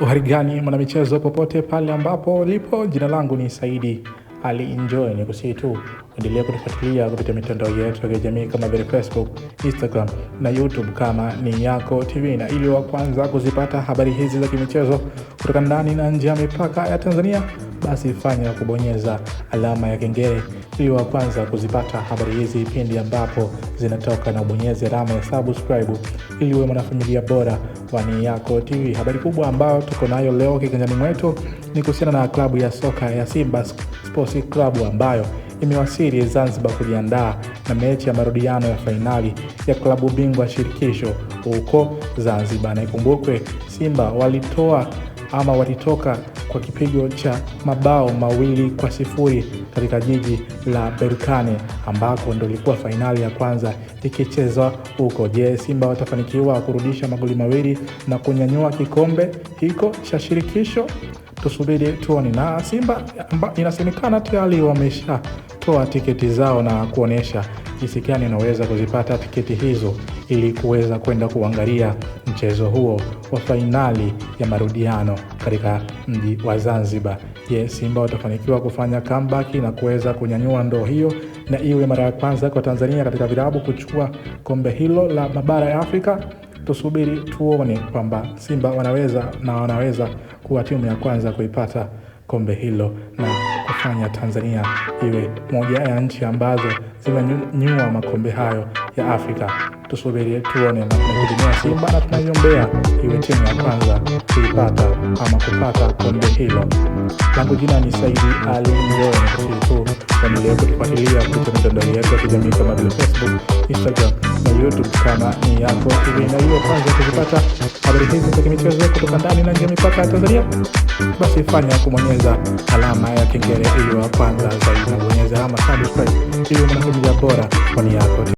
Uharigani mwanamichezo, popote pale ambapo ulipo, jina langu ni Saidi Ali Enjoy. Ni kusihi tu endelea kutufuatilia kupitia mitandao yetu ya kijamii kama vile Facebook, Instagram na YouTube kama ni Yako TV, na ili wa kwanza kuzipata habari hizi za kimichezo kutoka ndani na nje ya mipaka ya Tanzania basi fanya kubonyeza alama ya kengele ili wa kwanza kuzipata habari hizi pindi ambapo zinatoka, na ubonyeze alama ya subscribe ili uwe mwanafamilia bora wa Ni Yako TV. Habari kubwa ambayo tuko nayo leo kiganjani mwetu ni kuhusiana na klabu ya soka ya Simba Sports Club ambayo imewasili Zanzibar kujiandaa na mechi ya marudiano ya fainali ya klabu bingwa shirikisho huko Zanzibar, na ikumbukwe Simba walitoa ama walitoka kwa kipigo cha mabao mawili kwa sifuri katika jiji la Berkane ambako ndo ilikuwa fainali ya kwanza ikichezwa huko. Je, Simba watafanikiwa kurudisha magoli mawili na kunyanyua kikombe hiko cha shirikisho? tusubiri tuone. Na Simba inasemekana tayari wameshatoa tiketi zao na kuonyesha jinsi gani unaweza kuzipata tiketi hizo ili kuweza kwenda kuangalia mchezo huo wa fainali ya marudiano katika mji wa Zanzibar. Je, Simba watafanikiwa kufanya comeback na kuweza kunyanyua ndoo hiyo na iwe mara ya kwanza kwa Tanzania katika vilabu kuchukua kombe hilo la mabara ya Afrika? tusubiri tuone kwamba Simba wanaweza na wanaweza kuwa timu ya kwanza kuipata kombe hilo na kufanya Tanzania iwe moja ya nchi ambazo zimenyua makombe hayo ya Afrika. Tusubiri tuone, na tunahudumia Simba na tunaiombea iwe timu ya kwanza kuipata ama kupata kombe hilo. Langu jina ni Saidi Ali Njoe, na kutufuatilia kupitia mitandao yetu ya kijamii kama vile Facebook, Instagram na YouTube kama ni yako TV, na hiyo kwanza kuzipata habari hizi za kimichezo kutoka ndani na nje mipaka ya Tanzania, basi fanya kumonyeza alama ya kengele ili wa kwanza zaidi, na bonyeza ama subscribe ili mwanakujia bora kwa ni yako.